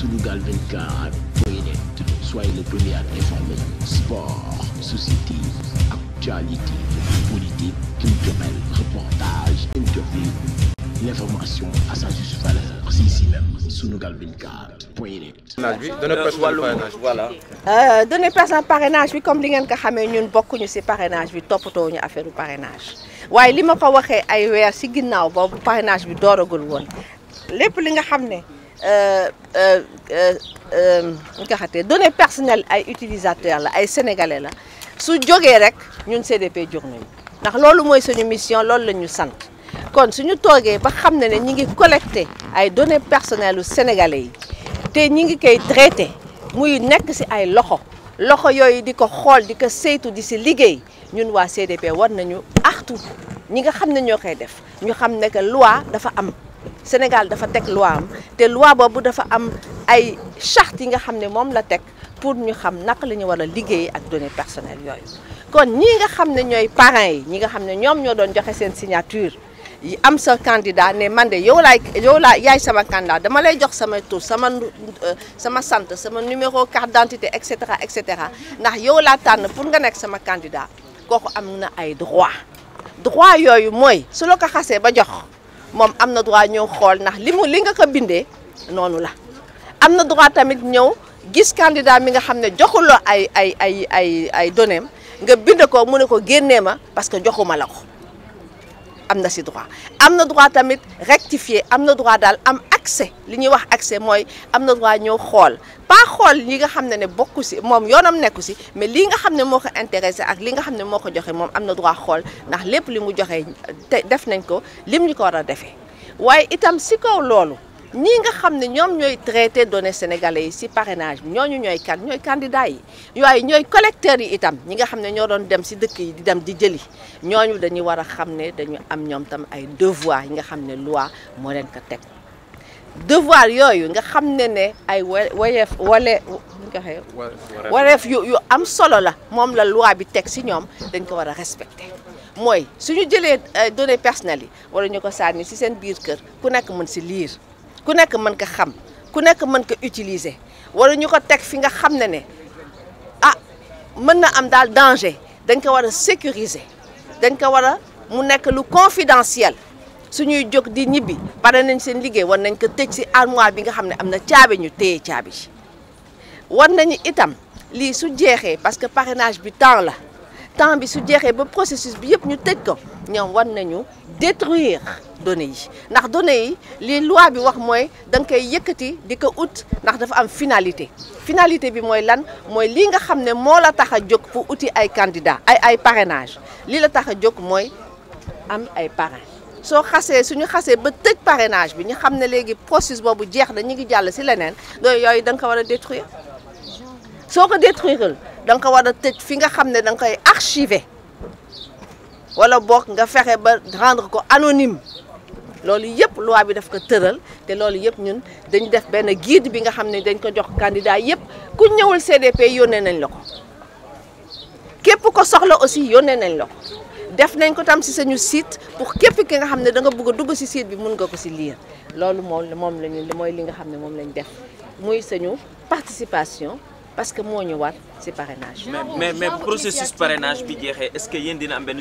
sunugal24.net soyez le premier à informer sport société actualité politique culturelle reportage interview l'information à sa juste valeur si si même sunugal24.net. voilà. Euh, données personnelles parrainage bi comme li ngeen ko xamee ñun bokkuñu ci parrainage bi toppatoo ñu affaire u waaye li ma ko waxee ay weer ci ginnaaw boobu parrainage bi dooragul woon lépp li nga xam ne. ñu euh, euh, euh, ko xatee données personnelles ay utilisateurs la ay sénégalais la su jógee rek ñun CDP jóg nañu ndax loolu mooy suñu mission loolu la ñu sant kon suñu toogee ba xam ne ne ñi ngi collecté ay données personnelles u sénégalais yi te ñi ngi koy traité muy nekk ci ay loxo loxo yooyu di ko xool di ko saytu di si liggéey ñun waa CDP war nañu axtu ñi nga xam ne ñoo koy def ñu xam ne que loi dafa am Sénégal dafa teg loi am te loi boobu dafa am ay charte yi nga xam ne moom la teg pour ñu xam naka la ñu war a liggéey ak données personnelles yooyu kon ñii nga xam ne ñooy parents yi ñi nga xam ne ñoom ñoo doon joxe seen signature yi am sa candidat ne man de yow laay yow laa yaay sama candidat dama lay jox sama tur sama euh, sama sant sama numéro carte d'identité et cetera et cetera ndax yow laa tànn pour nga nekk sama candidat kooku am na ay droit droit yooyu mooy su la ko xasee ba jox moom am na droit ñëw xool ndax li mu li nga ko bindee noonu la am na droit tamit ñëw gis candidat mi nga xam ne joxuloo ay ay ay ay ay données nga bind ko mu ne ko génnee ma parce que joxuma la ko am na si droit am na droit tamit rectifier am na droit daal am accès li ñuy wax accès mooy am na droit ñëw xool pas xool ñi nga xam ne ne bokku si moom yoonam nekku si mais li nga xam ne moo ko intéressé ak li nga xam ne moo ko joxee moom am na droit xool ndax lépp li mu joxee te def nañ ko lim ñu ko war a defee waaye itam si kaw loolu ñii nga xam ne ñoom ñooy traité données sénégalais yi si parrainage bi ñooñu ñooy kan ñooy candidats yi waaye ñooy collecteurs yi itam ñi nga xam ne ñoo doon dem si dëkk yi di dem di jëli ñooñu dañuy war a xam ne dañu am ñoom tam ay devoir yi nga xam ne loi moo leen ko teg devoir yooyu nga xam ne ne ay wayeef wale wareef yu yu am solo la moom la loi bi teg ci ñoom dañ ko war a respecté mooy suñu jëlee euh, données personnelles yi wala ñu ko sànni si seen biir kër ku nekk mën si liir ku nekk mën ka xam ku nekk mën ko utiliser wala ñu ko teg fi nga xam ne ne ah mën na am daal danger dañ ko war a sécuriser dañ ko war a mu nekk lu su ñuy jóg di ñibbi pare nañ seen liggéey war nañ ko tëj si armois bi nga xam ne am na caabi ñu téye caabi war nañu itam lii su jeexee parce que parrainage bi temps la. temps bi su jeexee ba processus bi yëpp ñu tëj ko ñoom war nañu détruire données yi ndax données yi li loi bi wax mooy da nga koy yëkkati di ko ut ndax dafa am finalité finalité bi mooy lan mooy lii nga xam ne moo la tax a jóg pour uti ay candidat ay ay parrainage lii la tax a jóg mooy am ay parrain soo xasee suñu xasee ba tëj parrainage bi ñu xam ne léegi processus boobu jeex na ñu ngi jàll si leneen doo yooyu da ko war a détruire soo ko détruire da nga ko war a tëj fi nga xam ne da nga koy archiver wala boog nga fexe ba rendre ko anonyme loolu yëpp loi bi daf ko tëral te loolu yëpp ñun dañ def benn guide bi nga xam ne dañ ko jox candidat yëpp ku ñëwul CDP yónnee nañ la ko képp ko soxla aussi yónnee nañ la ko def nañ ko tam si sañu site pour képp ki nga xam ne da nga bëgg a dugg si site bi mun nga ko si lire loolu moom moom lañu mooy li nga xam ne moom lañ def muy sañu participation parce que moo ñu war ci parrainage mais mais processus parrainage bi jeexee est-ce que yéen dina am benn